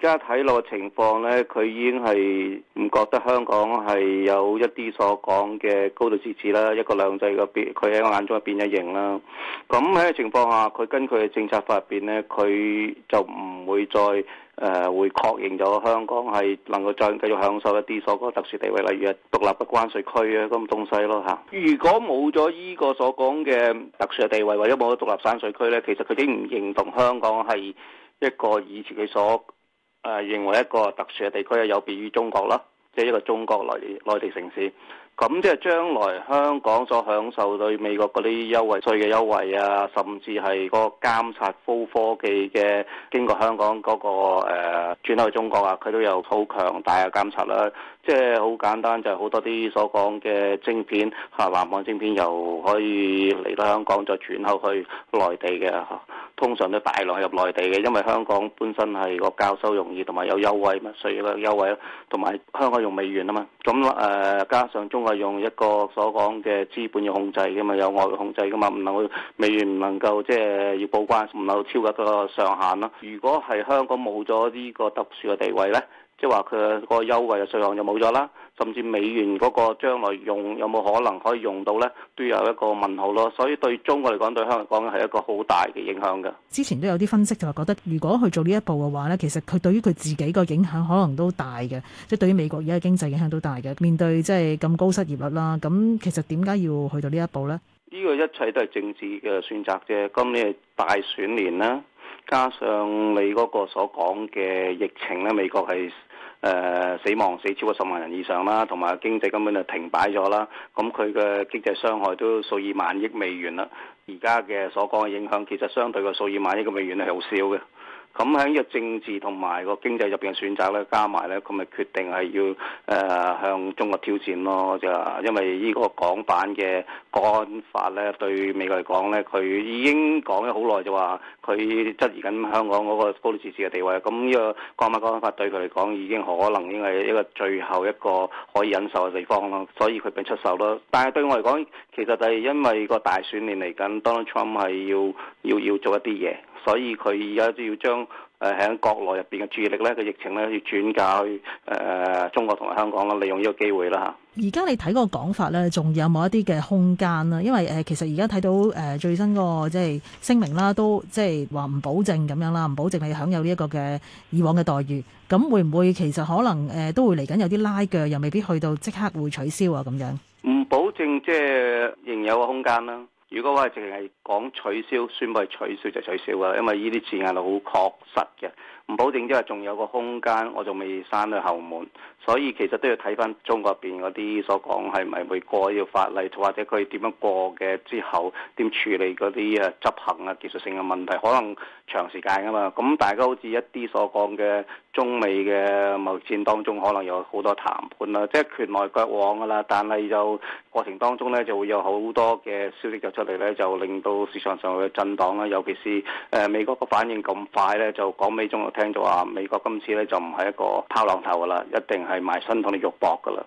而家睇落嘅情況呢，佢已經係唔覺得香港係有一啲所講嘅高度自治啦，一國兩制嘅變，佢喺我眼中嘅變咗形啦。咁喺情況下，佢根據嘅政策法入邊呢，佢就唔會再誒、呃、會確認咗香港係能夠再繼續享受一啲所謂特殊地位，例如獨立嘅關稅區啊咁東西咯嚇。如果冇咗依個所講嘅特殊嘅地位或者冇咗獨立關稅區呢，其實佢已經唔認同香港係一個以前佢所。誒認為一個特殊嘅地區係有別於中國啦，即、就、係、是、一個中國內地內地城市。咁即係將來香港所享受對美國嗰啲優惠稅嘅優惠啊，甚至係個監察高科技嘅經過香港嗰、那個誒、呃、轉口去中國啊，佢都有好強大嘅監察啦。即係好簡單，就係、是、好多啲所講嘅晶片吓，藍、啊、光晶片又可以嚟到香港再轉口去內地嘅。啊通常都大量入內地嘅，因為香港本身係個教授容易，同埋有優惠嘛，所以個優惠咯，同埋香港用美元啊嘛，咁誒加上中國用一個所講嘅資本要控制嘅嘛，有外嘅控制嘅嘛，唔能夠美元唔能夠即係要報關，唔能夠超過個上限咯。如果係香港冇咗呢個特殊嘅地位呢。即係話佢個優惠嘅稅項又冇咗啦，甚至美元嗰個將來用有冇可能可以用到咧，都有一個問號咯。所以對中國嚟講，對香港嚟講係一個好大嘅影響嘅。之前都有啲分析就係覺得，如果去做呢一步嘅話咧，其實佢對於佢自己個影響可能都大嘅，即係對於美國而家經濟影響都大嘅。面對即係咁高失業率啦，咁其實點解要去到呢一步咧？呢個一切都係政治嘅選擇啫。今年係大選年啦。加上你嗰個所講嘅疫情咧，美國係誒、呃、死亡死超過十萬人以上啦，同埋經濟根本就停擺咗啦。咁佢嘅經濟傷害都數以萬億美元啦。而家嘅所講嘅影響，其實相對個數以萬億嘅美元係好少嘅。咁喺呢個政治同埋個經濟入邊嘅選擇咧，加埋咧，佢咪決定係要誒、呃、向中國挑戰咯？就因為呢個港版嘅。國安法呢對美國嚟講呢，佢已經講咗好耐就話，佢質疑緊香港嗰個高度自治嘅地位。咁呢個國安法、國安法對佢嚟講已經可能應係一個最後一個可以忍受嘅地方咯，所以佢被出售咯。但係對我嚟講，其實就係因為個大選年嚟緊 Donald Trump 係要要要做一啲嘢，所以佢而家都要將。誒喺國內入邊嘅注意力咧，個疫情咧要轉嫁去中國同埋香港咯，利用呢個機會啦嚇。而家你睇個講法咧，仲有冇一啲嘅空間啦？因為誒，其實而家睇到誒最新個即係聲明啦，都即係話唔保證咁樣啦，唔保證你享有呢一個嘅以往嘅待遇。咁會唔會其實可能誒都會嚟緊有啲拉鋸，又未必去到即刻會取消啊？咁樣唔保證，即係仍有個空間啦。如果話淨係講取消、宣布係取消就是、取消啦，因為呢啲字眼係好確實嘅，唔保證即係仲有個空間，我仲未閂到後門。所以其實都要睇翻中國邊嗰啲所講係咪會過要法例，或者佢點樣過嘅之後，點處理嗰啲誒執行啊技術性嘅問題，可能長時間啊嘛。咁大家好似一啲所講嘅中美嘅貿易戰當中，可能有好多談判啦，即係拳來腳往噶啦。但係就過程當中呢，就會有好多嘅消息就，出嚟咧就令到市場上嘅震盪啦，尤其是誒、呃、美國個反應咁快咧，就講美中，我聽到話、啊、美國今次咧就唔係一個拋浪頭噶啦，一定係埋身同你肉搏噶啦。